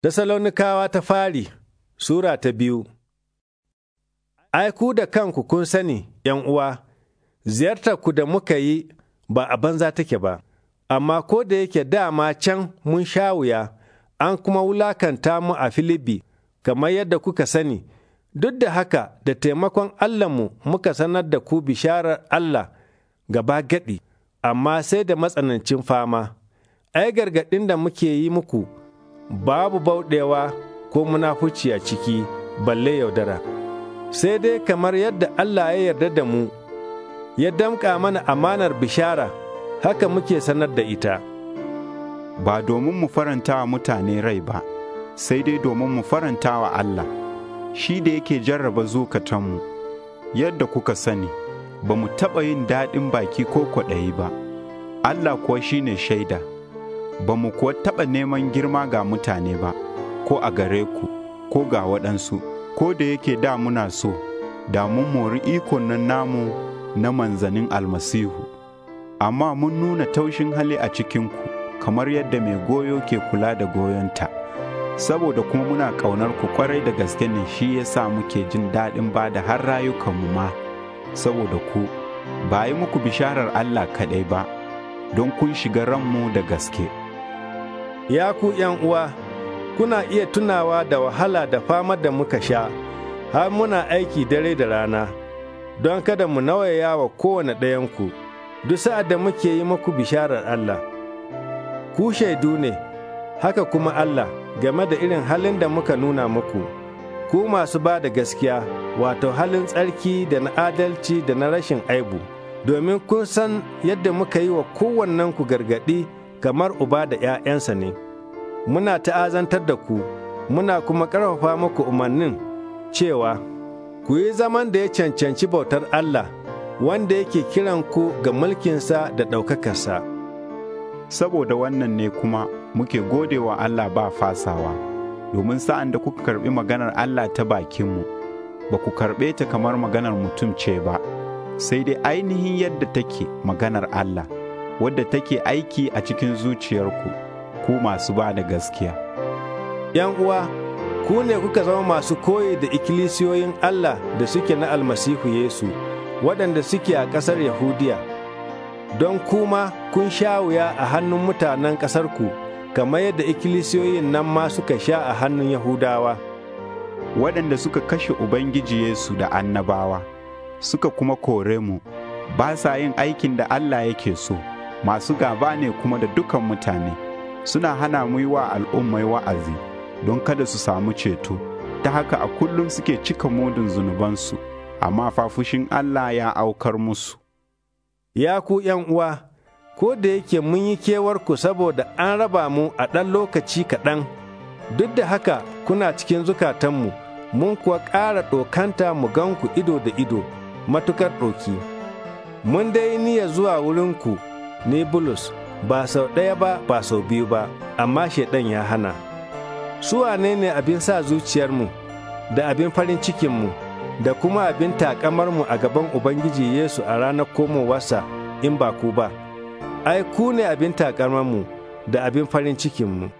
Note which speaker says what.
Speaker 1: Tessalonikawa ta fari Sura ta biyu Ai, ku da kanku kun sani, uwa, ziyartar ku da muka yi ba a banza take ba, amma ko da yake dama can mun sha wuya, an kuma wulakanta mu a Filibi, kamar yadda kuka sani, duk da haka da taimakon Allahnmu muka sanar da ku bisharar Allah gaba gaɗi, amma sai da matsanancin fama, ai gargaɗin da muke yi muku. babu bauɗewa ko munafuci a ciki balle yaudara sai dai kamar yadda Allah ya yarda da mu ya damƙa mana amanar bishara haka muke sanar da ita ba domin mu faranta wa mutane rai
Speaker 2: ba sai dai domin mu faranta wa Allah shi da yake jarraba zukatanmu yadda kuka sani ba mu taɓa yin daɗin baki ko kwaɗayi ba Allah kuwa shine shaida. ba mu kuwa taɓa neman girma ga mutane ba, ko a gare ku, ko ga waɗansu, ko da yake da muna so, da mun mori ikon nan namu na manzanin almasihu. Amma mun nuna taushin hali a cikinku, kamar yadda mai goyo ke kula da goyonta. Saboda kuma muna ƙaunar ku kwarai da gaske ne shi ya sa muke jin daɗin ba da har rayukanmu ma, saboda ku, ba yi muku bisharar Allah kaɗai ba, don kun shiga ranmu da gaske.
Speaker 1: ya ku uwa, kuna iya tunawa da wahala da fama da muka sha, har muna aiki dare da rana, don kada mu nawaya wa kowane ɗayanku, duk sa'ad da muke yi muku bisharar Allah. Ku shaidu ne, haka kuma Allah, game da irin halin da muka nuna muku, ku masu ba da gaskiya, wato halin tsarki da na adalci da na rashin aibu, domin kun san yadda muka yi wa kowannenku gargaɗi. kamar uba da ‘ya'yansa ne, muna ta'azantar da ku, muna kuma ƙarfafa muku umarnin cewa, ku yi zaman da ya cancanci bautar Allah, wanda yake kiran ku ga mulkinsa da ɗaukakarsa. Saboda wannan ne kuma muke godewa Allah ba fasawa,
Speaker 2: domin sa'an da kuka karɓi maganar Allah ta bakinmu, ba ku karɓe ta kamar maganar mutum ce ba, sai dai ainihin yadda take maganar Allah. wadda take aiki a cikin zuciyarku ku masu ba da gaskiya.
Speaker 1: ‘Yan uwa, ku ne kuka zama masu koyi da ikkilisiyoyin Allah da suke na almasihu Yesu, waɗanda suke a ƙasar Yahudiya, don kuma kun sha wuya a hannun mutanen ƙasarku, kamar yadda ikkilisiyoyin nan ma suka sha a hannun Yahudawa, waɗanda suka kashe Ubangiji Yesu da
Speaker 2: annabawa, suka kuma kore mu, ba sa yin aikin da Allah yake so. masu gaba ne kuma da dukan mutane suna hana mu yi wa al'ummai wa'azi don kada su samu ceto ta haka a kullum suke cika mudun zunubansu
Speaker 1: amma fa fushin Allah ya aukar musu ya ku uwa ko da yake mun yi kewarku saboda an raba mu a ɗan lokaci kaɗan duk da haka kuna cikin zukatanmu mun kuwa ƙara ɗokanta mu ganku ido da ido matukar ɗoki mun dai niyya zuwa wurinku ni bulus ba sau ɗaya ba ba sau biyu ba amma shaiɗan ya hana su wane ne abin sa zuciyarmu da abin farin cikinmu da kuma abin taƙamarmu a gaban ubangiji yesu a ranar komowarsa in ba ku ba ai ku ne abin taƙamarmu da abin farin cikinmu